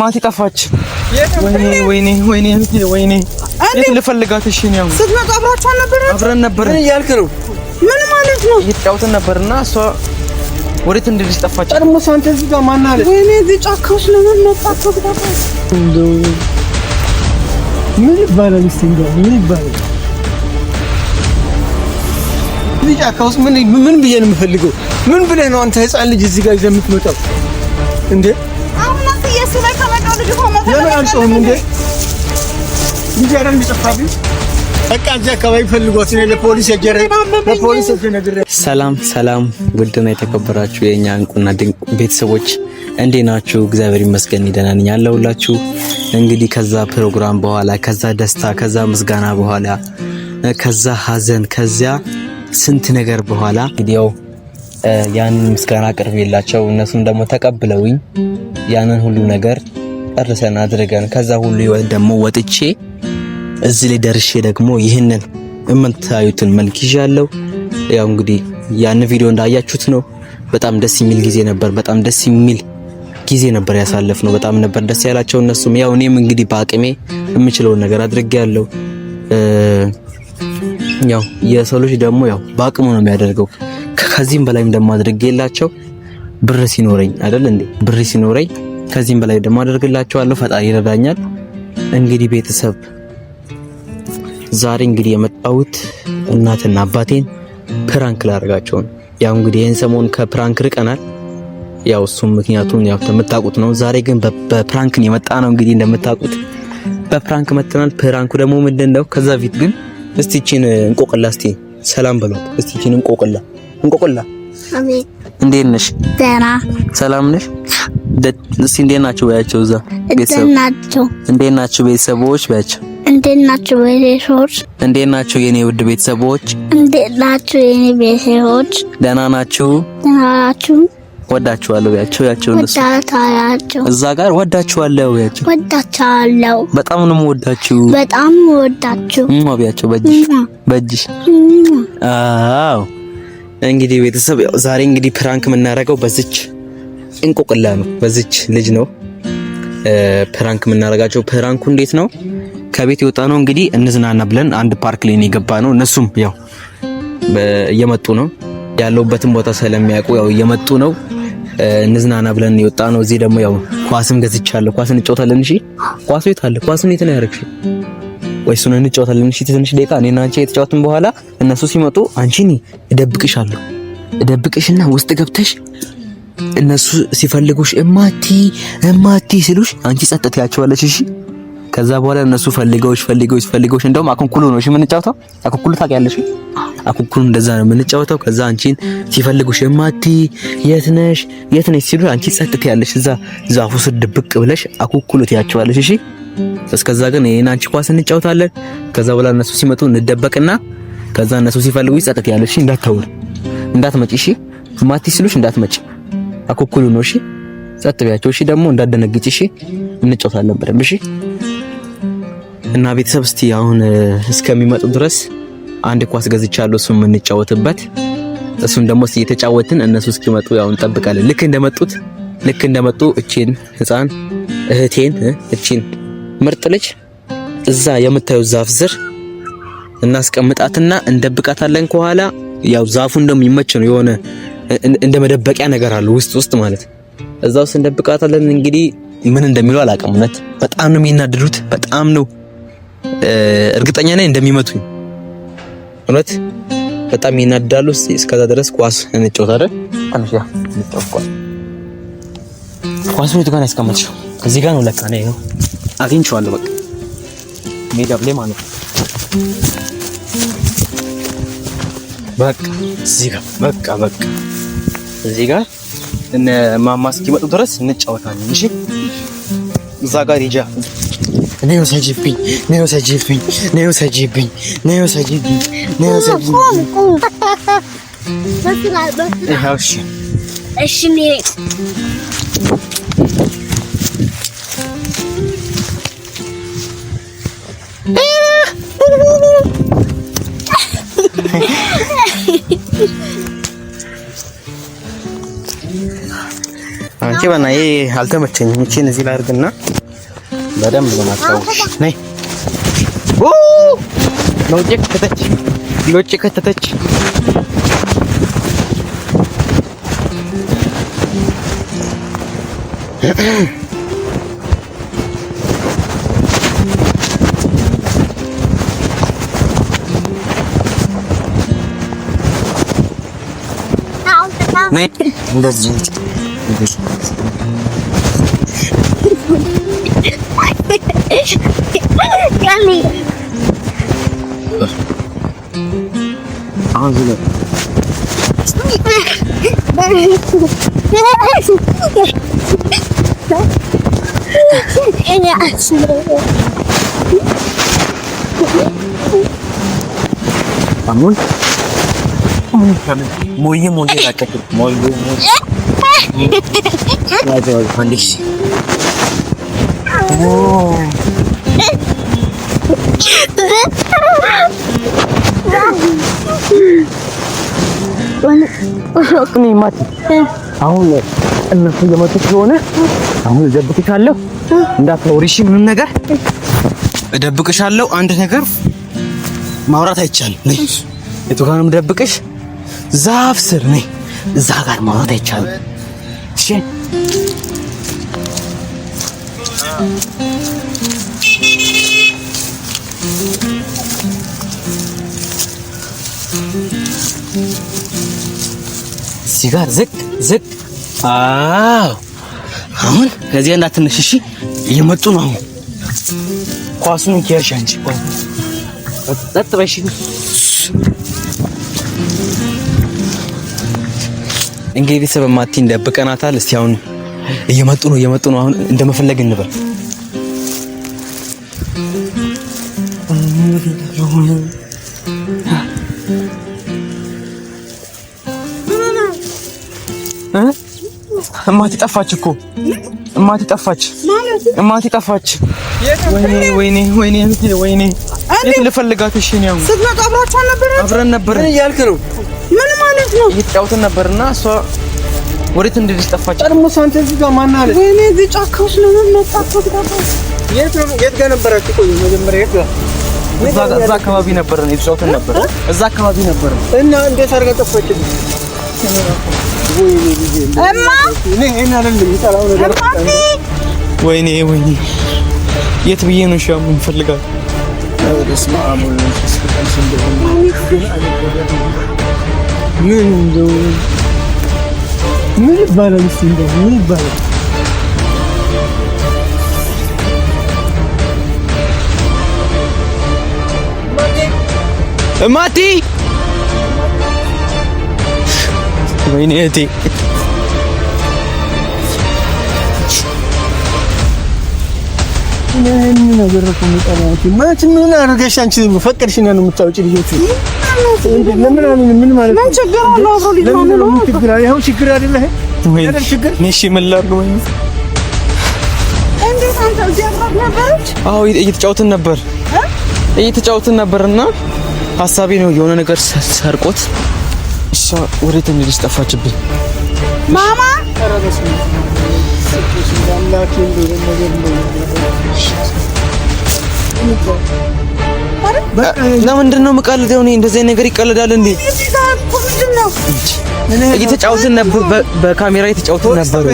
ማቲ ጠፋች። ወይኔ ወይኔ ወይኔ ወይኔ የት ልፈልጋት? እሺ ነው ስትመጣ አብራችሁ ነበር? አብረን ነበር። ምን እያልክ ነው? ምን ማለት ነው? እየተጫወትን ነበርና እሷ ወዴት እንደዚህ ጠፋች። ጠርሙስ ሳንተ እዚህ ጋር ማን አለ? ወይኔ እዚህ ጫካ ለምን መጣች? እንደው ምን ይባላል? እስቲ እንደው ምን ይባላል? እዚህ ጫካ ውስጥ ምን ምን ብዬ ነው የምፈልገው? ምን ብለህ ነው አንተ ህፃን ልጅ እዚህ ጋር ይዘህ የምትመጣው እንዴ? በቃ እዚህ አካባቢ ፈልጎት ነው። ለፖሊስ ለፖሊስ ሰላም ሰላም፣ ውድና የተከበራችሁ የኛ እንቁና ድንቅ ቤተሰቦች እንዴት ናችሁ? እግዚአብሔር ይመስገን ደህና ነኝ አለሁላችሁ። እንግዲህ ከዛ ፕሮግራም በኋላ ከዛ ደስታ ከዛ ምስጋና በኋላ ከዛ ሀዘን ከዚያ ስንት ነገር በኋላ እንግዲህ ያው ያንን ምስጋና ቅርብ የላቸው እነሱም ደግሞ ተቀብለውኝ ያንን ሁሉ ነገር ጨርሰን አድርገን ከዛ ሁሉ ህይወት ደግሞ ወጥቼ እዚህ ላይ ደርሼ ደግሞ ይህንን የምታዩትን መልክ ይዣለሁ። ያው እንግዲህ ያን ቪዲዮ እንዳያችሁት ነው። በጣም ደስ የሚል ጊዜ ነበር። በጣም ደስ የሚል ጊዜ ነበር ያሳለፍ ነው። በጣም ነበር ደስ ያላቸው እነሱም። ያው እኔም እንግዲህ በአቅሜ የምችለውን ነገር አድርጌያለሁ። ያው የሰው ልጅ ደግሞ ያው በአቅሙ ነው የሚያደርገው። ከዚህም በላይም ደግሞ አድርጌላቸው ብር ሲኖረኝ አይደል እንዴ ብር ሲኖረኝ ከዚህም በላይ ደግሞ አደርግላችኋለሁ። ፈጣሪ ይረዳኛል። እንግዲህ ቤተሰብ ዛሬ እንግዲህ የመጣሁት እናትና አባቴን ፕራንክ ላደርጋቸው ነው። ያው እንግዲህ ይህን ሰሞን ከፕራንክ ርቀናል። ያው እሱም ምክንያቱን ያው የምታውቁት ነው። ዛሬ ግን በፕራንክ ነው የመጣ ነው። እንግዲህ እንደምታውቁት በፕራንክ መጥተናል። ፕራንኩ ደግሞ ምንድን ነው? ከዛ ፊት ግን እስቲ እቺን እንቆቅላ እስቲ ሰላም በሏት። እስቲ እቺን እንቆቅላ እንቆቅላ። አሜን፣ እንዴት ነሽ? ደህና ሰላም ነሽ? እስቲ እንዴት ናችሁ በያቸው። እዛ ቤተሰብ እንዴት ናችሁ ቤተሰቦች በያቸው። እንዴት ናችሁ ቤተሰቦች? እንዴት ናችሁ የኔ ውድ ቤተሰቦች? እንዴት ናችሁ የኔ ቤተሰቦች? ደህና ናችሁ? ደህና ናችሁ? ወዳችኋለሁ ያቸው ያቸው እነሱ እዛ ጋር ወዳችኋለሁ ያቸው ወዳችኋለሁ። በጣም ነው ወዳችሁ በጣም ወዳችሁ ምን ያቸው በእጅሽ በእጅሽ። አዎ እንግዲህ ቤተሰብ ዛሬ እንግዲህ ፕራንክ የምናደርገው በዚች እንቁቅላ ነው። በዚች ልጅ ነው ፕራንክ የምናደርጋቸው። ፕራንኩ እንዴት ነው? ከቤት የወጣ ነው እንግዲህ እንዝናና ብለን አንድ ፓርክ ላይ የገባ ነው። እነሱም ያው እየመጡ ነው ያለውበትን ቦታ ስለሚያውቁ ያው እየመጡ ነው። እንዝናና ብለን የወጣ ነው። እዚህ ደግሞ ያው ኳስም ገዝቻለሁ። ኳስ እንጫወታለን። እሺ፣ ኳስ የት አለ? ኳሱን የት ነው ያደረግሽው? ወይ እሱን እንጫወታለን። እሺ፣ ትንሽ ደቂቃ እኔና አንቺ የተጫወትን በኋላ እነሱ ሲመጡ አንቺ እኔ እደብቅሻለሁ፣ እደብቅሽና ውስጥ ገብተሽ እነሱ ሲፈልጉሽ እማቲ እማቲ ሲሉሽ አንቺ ጸጥ ትያቸዋለሽ። እሺ ከዛ በኋላ እነሱ ፈልገውሽ ፈልገውሽ ፈልገውሽ እንደውም አኩኩሉ ነው እሺ የምንጫወተው። አኩኩሉ ታውቂያለሽ? አኩኩሉ እንደዛ ነው የምንጫወተው። ከዛ አንቺን ሲፈልጉሽ እማቲ የት ነሽ የት ነሽ ሲሉሽ አንቺ ጸጥ ትያለሽ። እዛ ዛፉ ስር ድብቅ ብለሽ አኩኩሉ ትያቸዋለሽ። እሺ እስከዛ ግን እኔና አንቺ ኳስ እንጫወታለን። ከዛ በኋላ እነሱ ሲመጡ እንደበቅና ከዛ እነሱ ሲፈልጉሽ ጸጥ ትያለሽ። እንዳትተውል እንዳትመጪ እሺ እማቲ ሲሉሽ እንዳትመጪ አኩኩሉ ነው። እሺ ጸጥ ቢያቸው። እሺ ደግሞ እንዳደነግጭ። እሺ እንጫወታለን በደንብ። እሺ እና ቤተሰብ እስቲ አሁን እስከሚመጡ ድረስ አንድ ኳስ ገዝቻለሁ፣ እሱም እንጫወትበት። እሱም ደግሞ እስቲ እየተጫወትን እነሱ እስኪመጡ ያው እንጠብቃለን። ልክ እንደመጡት ልክ እንደመጡ እቺን ህፃን እህቴን እቺን ምርጥ ልጅ እዛ የምታዩ ዛፍ ስር እናስቀምጣትና እንደብቃታለን። ከኋላ ያው ዛፉ እንደሚመች ነው የሆነ እንደ መደበቂያ ነገር አለ ውስጥ ውስጥ ማለት እዛ ውስጥ እንደብቃታለን። እንግዲህ ምን እንደሚሉ አላውቅም። እውነት በጣም ነው የሚናደዱት። በጣም ነው እርግጠኛ ነኝ እንደሚመቱኝ። እውነት በጣም ይናደዳሉ። እስከዛ ድረስ ኳስ እንጫወታለን። ኳስ ቤቱ ጋር ያስቀመጥሽው እዚህ ጋር ነው ለካ ነው አግኝቼዋለሁ። በቃ ሜዳ ላይ ማለት ነው በቃ እዚህ ጋር በቃ በቃ እዚህ ጋር እነ ማማ እስኪመጡ ድረስ እንጫወታለን። እሺ እዛ ጋር ሂጂ። ነይ ውሰጂብኝ፣ ነይ ውሰጂብኝ፣ ነይ ውሰጂብኝ፣ ነይ ውሰጂብኝ፣ ነይ ውሰጂብኝ። እሺ እሺ አንቺ በና ይሄ አልተመቸኝም። እቺን እዚህ ላይ አድርግና በደንብ ለማታውሽ ነይ ኦ ሎጬ ከተች ሎጬ ከተተች። Мы... Yummy. Ağzını. Beni açmıyor. Anlıyor musun? ሞዬ ሞዬ አሁን እነሱ እየመጡ ስለሆነ አሁን እደብቅሻለሁ፣ እንዳትኖሪ እሺ? ምንም ነገር እደብቅሻለሁ። አንድ ነገር ማውራት አይቻልም። የቱ ጋር ዛፍ ስር ነኝ። እዛ ጋር ማውራት አይቻልም። እሺ እዚህ ጋር ዝቅ ዝቅ። አዎ አሁን ከዚህ እንዳትነሽ። እሺ እየመጡ ነው። አሁን ኳሱን እንኪያሻ እንጂ ጸጥ በይ። እሺ እንግዲህ ቤተሰብ ማቲ እንደብቀናታል። እስቲ አሁን እየመጡ ነው እየመጡ ነው። አሁን እንደመፈለግ እንበል። እማቲ ጠፋች እኮ እማቲ ጠፋች፣ እማቲ ጠፋች። ወይኔ ወይኔ ወይኔ ወይኔ የት ልፈልጋት? እሺ ነው ስትመጣ አብራችሁ ነበር? አብረን ነበር። ምን እያልክ ነው? ምን ማለት ነው? እየተጫወትን ነበርና እሷ ወዴት እንደዚህ ጠፋች። ቀድሞ ሳንተ እዚህ ጋር ማን አለ? ወይኔ እዚህ ጫካ ውስጥ ለምን ጋር የት ነው? የት ጋር ነበራችሁ? ቆይ መጀመሪያ የት ጋር እዛ አካባቢ ነበር ነው የተጫወትን ነበር። እዛ አካባቢ ነበር እና እንዴት አድርጋ ጠፋች? ወይኔ እማ እኔ እኔ አይደለም ይጣላው ነገር ወይኔ ወይኔ የት ብዬ ነው ሻም እንፈልጋለን ምን እንደው ምን ይባላል? እስኪ እንደው ምን ይባላል? እማቲ ወይኔ እቴ ምን ነገር ነው የሚጠላት? መች ምን አድርገሽ አንቺ ፈቀድሽና ነው የምታወጪ? ልጆቹ ለምን አሉኝ? ምን ማለት ነው? ችግር አለው አብሮ ልጅ ነው። ችግር አለ፣ ይኸው ችግር አለ። ወይ ችግር ነሽ? ምን ላድርግ? ወይ እንዴት አንተ እዚህ አብራት ነበረች? አዎ እየተጫወትን ነበር፣ እየተጫወትን ነበርና ሀሳቤ ነው የሆነ ነገር ሰርቆት፣ እሷ ወዴት እንደሄደች ጠፋችብኝ ማማ አምላኬን እንደሆነ ነገር ነው። ለምንድን ነው የምቀልደው? እኔ እንደዚህ ነገር ይቀልዳል እንዴ? እየተጫወትን ነበር፣ በካሜራ እየተጫወትን ነበር።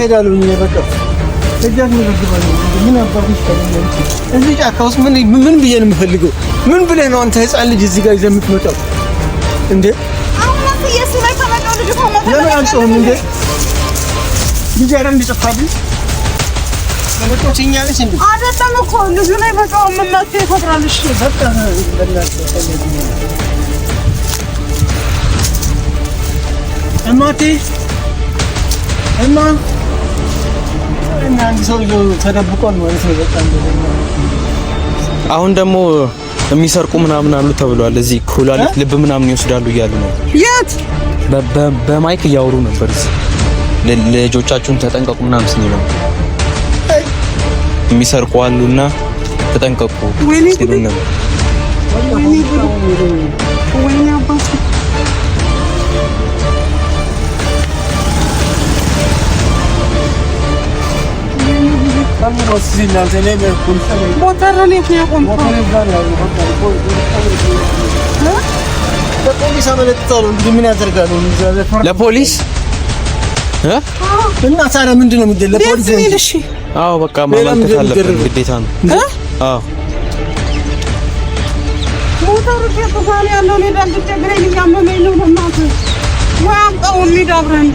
እዚህ ጫካ ውስጥ ምን ምን ብዬ ነው የምፈልገው? ምን ብለህ ነው አንተ ህፃን ልጅ እዚህ ጋር ይዘህ የምትመጣው እንዴ? ለምን አንጾህም እንዴ? ልጅ አይደል እንዲጨፋብኝ ወጦችኛለች እንዴ? አይደለም እኮ ልጁ ላይ በጣም ይፈጥራልሽ። እማቴ እማ አንድ ማለት ነው። አሁን ደግሞ የሚሰርቁ ምናምን አሉ ተብሏል። እዚህ ኩላሊት፣ ልብ ምናምን ይወስዳሉ እያሉ ነው። የት በማይክ እያወሩ ነበር። ልጆቻችሁን ተጠንቀቁ ምናምን ስንል ነው የሚሰርቁ አሉና ተጠንቀቁ ሲሉ ነበር። ለፖሊስ አመለጥታለሁ። እንግዲህ ምን ያደርጋሉ? ለፖሊስ እና ታዲያ ምንድን ነው ለፖሊስ አዎ በቃ ማመልከት አለብን፣ ግዴታ ነው። አዎ ሞተሩ ተፈሳለ ያለው ነው። ዳንድ ቸግረኝ እያመመኝ ነው። በእናቱ ዋም ቀው የሚዳብረን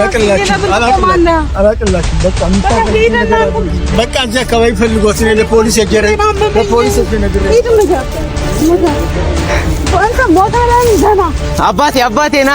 በቃ እዚህ አካባቢ ፈልጎት ነው ለፖሊስ የጀረ ለፖሊስ አባቴ አባቴ ና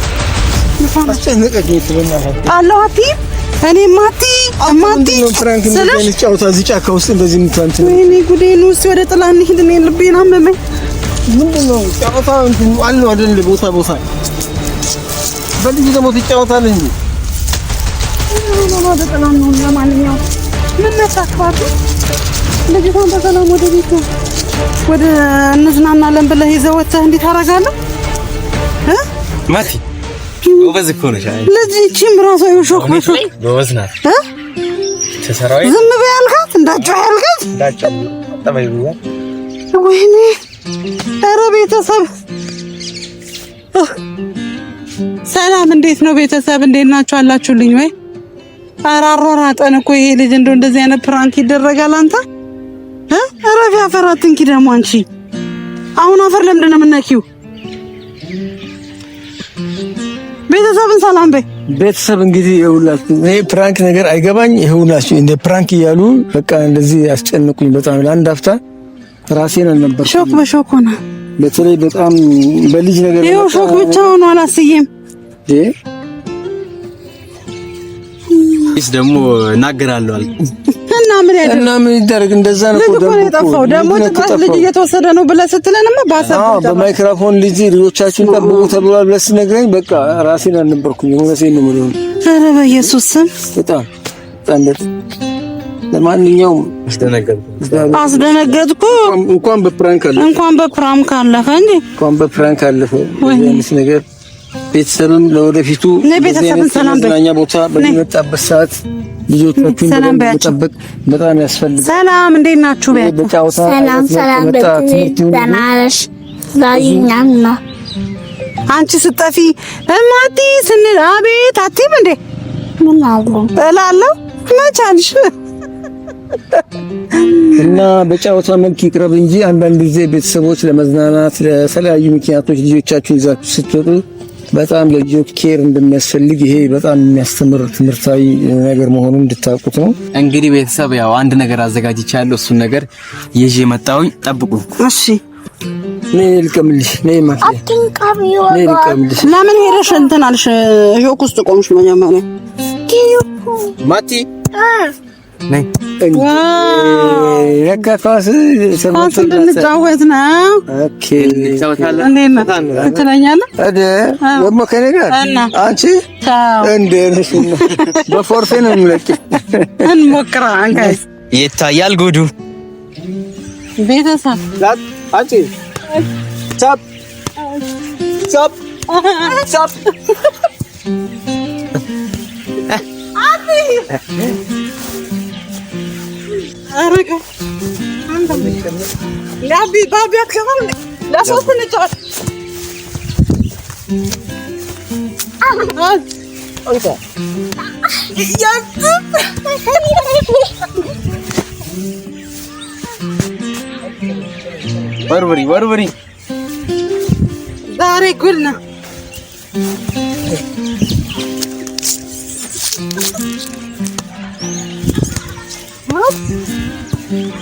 አለሁ አትይም። እኔማ እዚህ ጫካ ውስጥ እንደዚህ ምታንት ነው። እኔ ወደ ጥላ እንሂድ። እኔ ልቤን አመመኝ። አለው አይደል? ቦታ ቦታ በልጅ ደግሞ ትጫወታለህ ልጅቷን በሰላም ወደ ወደ እንዝናናለን ብለህ ይዘህ ወጥተህ እንዴት አደርጋለሁ ማቲ ጎበዝ እኮ ነሽ። ለዚህ እቺም ራሷ የሾክ በሾክ ጎበዝ ናት። ተሰራዊ ዝም በይ አልካት፣ እንዳትጮህ ያልካት እንዳትጮህ ተበይ። ወይኔ ኧረ ቤተሰብ ሰላም፣ እንዴት ነው ቤተሰብ? እንዴት ናችሁ? አላችሁልኝ ወይ? ኧረ አሯራጠን እኮ ይሄ ልጅ። እንደው እንደዚህ አይነት ፕራንክ ይደረጋል? አንተ ኧረ ቢያፈራት ትንኪ ደግሞ አንቺ አሁን አፈር ለምንድን ነው የምነኪው? ቤተሰብን ሰላም በይ። ቤተሰብ እንግዲህ የሁላችሁ ይሄ ፕራንክ ነገር አይገባኝ። ይሁላችሁ እንደ ፕራንክ እያሉ በቃ እንደዚህ ያስጨንቁኝ በጣም ለአንድ አፍታ ራሴን አልነበር። ሾክ በሾክ ሆነ። በተለይ በጣም በልጅ ነገር ይሄው ሾክ ብቻ ሆኖ አላስየም እ ደግሞ እናገራለሁ አልኩ ምን ያደርግ እና ምን ይደረግ? እንደዛ ነው እኮ የጠፋው። ደግሞ ጥቃት ልጅ እየተወሰደ ነው ብለህ ስትለንማ ባሰብ አዎ፣ በማይክሮፎን ልጅ ልጆቻችሁን ጠብቁ ተብሏል ብለህ ስትነግረኝ በቃ ራሴን አልነበርኩኝ። እውነቴን ነው የምልህ። ኧረ በኢየሱስ ስም በጣም ለማንኛውም አስደነገጥኩ። እንኳን በፕራንክ አለፈ፣ እንኳን በፕራንክ አለፈ እንጂ እንኳን በፕራንክ አለፈ። ወይስ ነገር ቤተሰብም ለወደፊቱ ለቤተሰብም ሰላም በእኛ ቦታ በሚመጣበት ሰዓት ልጆቻችሁን መጠበቅ በጣም ያስፈልጋል። ሰላም፣ እንዴት ናችሁ? ሰላም ሰላም። ደህና ነሽ? አንቺ ስጠፊ እማቲ ስንል አቤት አትይም እንዴ ምን አሉ እላለሁ። መቻልሽ እና በጨዋታ መልክ ይቅረብ እንጂ አንዳንድ ጊዜ ቤተሰቦች ለመዝናናት ለተለያዩ ምክንያቶች ልጆቻችሁን ይዛችሁ ስትወጡ በጣም ለልጆች ኬር እንደሚያስፈልግ ይሄ በጣም የሚያስተምር ትምህርታዊ ነገር መሆኑን እንድታውቁት ነው። እንግዲህ ቤተሰብ ያው አንድ ነገር አዘጋጅቻለሁ። እሱን ነገር ይዤ መጣሁኝ። ጠብቁ። እሺ ነይ ልቀምልሽ። ነይ ማ ነይ ልቀምልሽ። ለምን ሄደሽ እንትን አልሽ? እሾክ ውስጥ ቆምሽ መጀመሪያ ማቲ ኳስ እንድንጫወት ነው። ትለኛለህ ደግሞ ጋር አንቺ በፎርፌ ነው እንሞክራ ይታያል ጉዱ ቤተሰብ አረጋው ላቢ ባቢ አከበር ለሶስት እንጫወት አንተ በርበሪ በርበሪ ዛሬ ጉል ነው። What?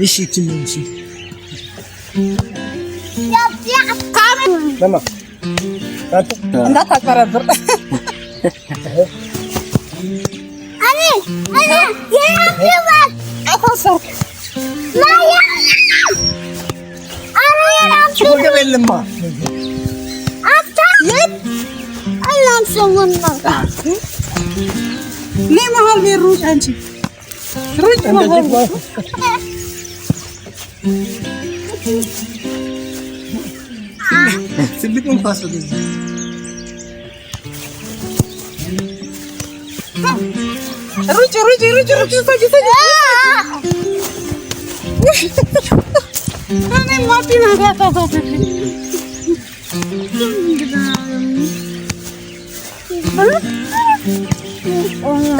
Yeşil kimliğin için. Tamam. Anda taklara dur. Anne, anne, yere atıyorlar. Atasın. Lan ya. Anne yere atıyorlar. Çıkıyor bellim mi? Atacak. Allah'ım sonunda. Ne mahal bir ruh anci. Ruh mahal. Sibit mong paso din. Rucu, rucu, rucu, rucu, saja, saja. Ano yung mati na gata ko? Ano? Ano?